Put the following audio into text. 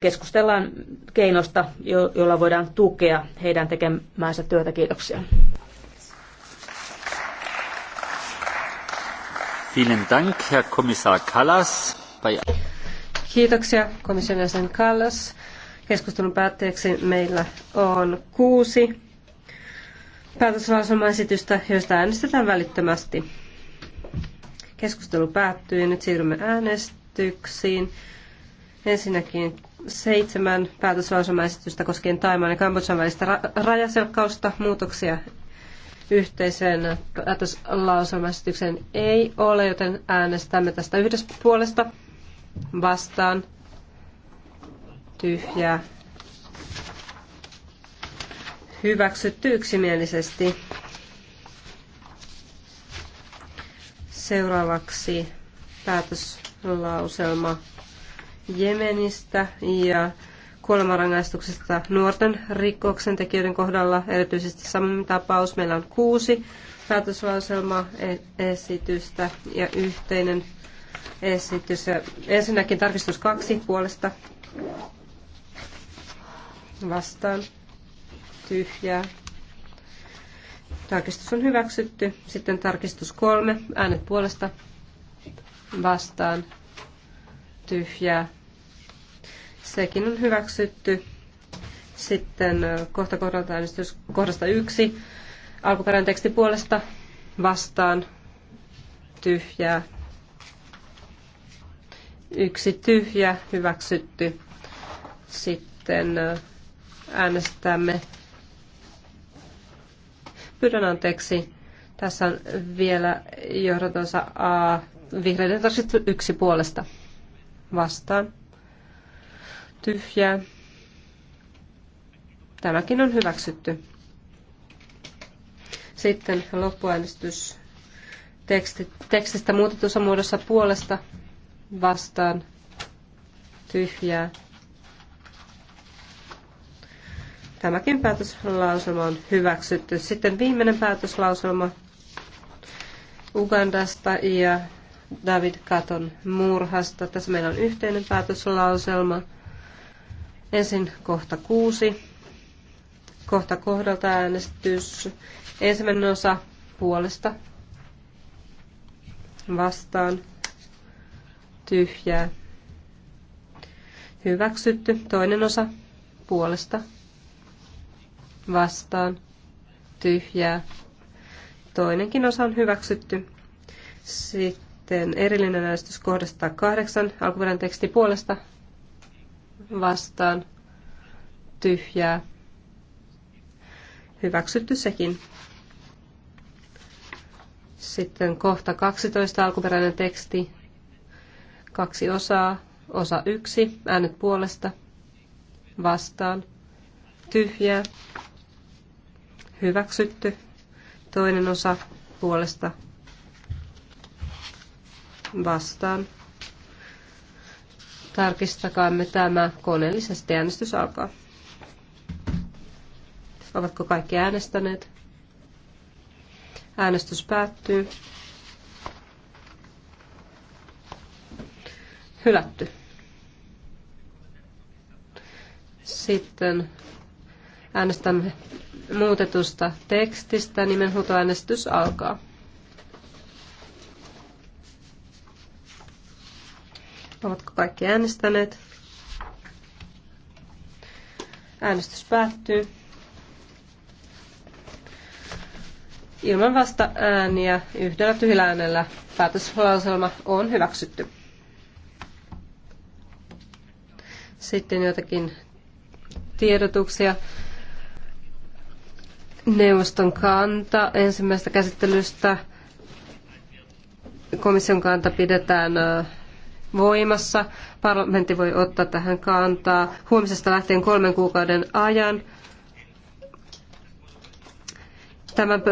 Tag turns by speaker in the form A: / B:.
A: keskustellaan keinosta, jo- jolla voidaan tukea heidän tekemäänsä työtä. Kiitoksia. Vielen Dank, Herr Kommissar Kallas. Kiitoksia komission jäsen Kallas. Keskustelun päätteeksi meillä on kuusi päätöslauselmaesitystä, joista äänestetään välittömästi. Keskustelu päättyy. Nyt siirrymme äänestyksiin. Ensinnäkin seitsemän päätöslauselmaesitystä koskien Taimaan ja Kambodžan välistä ra- rajaselkkausta. Muutoksia yhteiseen päätöslauselmaesitykseen ei ole, joten äänestämme tästä yhdestä puolesta vastaan tyhjää hyväksytty yksimielisesti. Seuraavaksi päätöslauselma Jemenistä ja kuolemanrangaistuksesta nuorten rikoksentekijöiden kohdalla, erityisesti samin tapaus. Meillä on kuusi päätöslauselmaesitystä e- ja yhteinen esitys. Ja ensinnäkin tarkistus kaksi puolesta vastaan tyhjää. Tarkistus on hyväksytty. Sitten tarkistus kolme. Äänet puolesta vastaan tyhjää. Sekin on hyväksytty. Sitten kohta kohdalta äänestys kohdasta yksi. Alkuperäinen teksti puolesta vastaan tyhjää. Yksi tyhjä hyväksytty. Sitten äänestämme. Pyydän anteeksi. Tässä on vielä johdatonsa A. Vihreiden yksi puolesta vastaan tyhjää. Tämäkin on hyväksytty. Sitten loppuäänestys teksti, tekstistä muutetussa muodossa puolesta vastaan tyhjää. Tämäkin päätöslauselma on hyväksytty. Sitten viimeinen päätöslauselma Ugandasta ja David Katon murhasta. Tässä meillä on yhteinen päätöslauselma. Ensin kohta kuusi. Kohta kohdalta äänestys. Ensimmäinen osa puolesta. Vastaan. Tyhjää. Hyväksytty. Toinen osa puolesta. Vastaan. Tyhjää. Toinenkin osa on hyväksytty. Sitten erillinen äänestys kohdasta kahdeksan. Alkuperäinen teksti puolesta vastaan tyhjää. Hyväksytty sekin. Sitten kohta 12 alkuperäinen teksti. Kaksi osaa. Osa yksi. Äänet puolesta. Vastaan. Tyhjää. Hyväksytty. Toinen osa puolesta. Vastaan. Tarkistakaamme tämä koneellisesti. Äänestys alkaa. Ovatko kaikki äänestäneet? Äänestys päättyy. Hylätty. Sitten äänestämme muutetusta tekstistä. Nimenhuutoäänestys alkaa. Ovatko kaikki äänestäneet? Äänestys päättyy. Ilman vasta ääniä yhdellä tyhjällä äänellä päätöslauselma on hyväksytty. Sitten jotakin tiedotuksia. Neuvoston kanta ensimmäisestä käsittelystä. Komission kanta pidetään voimassa. Parlamentti voi ottaa tähän kantaa huomisesta lähtien kolmen kuukauden ajan. Tämän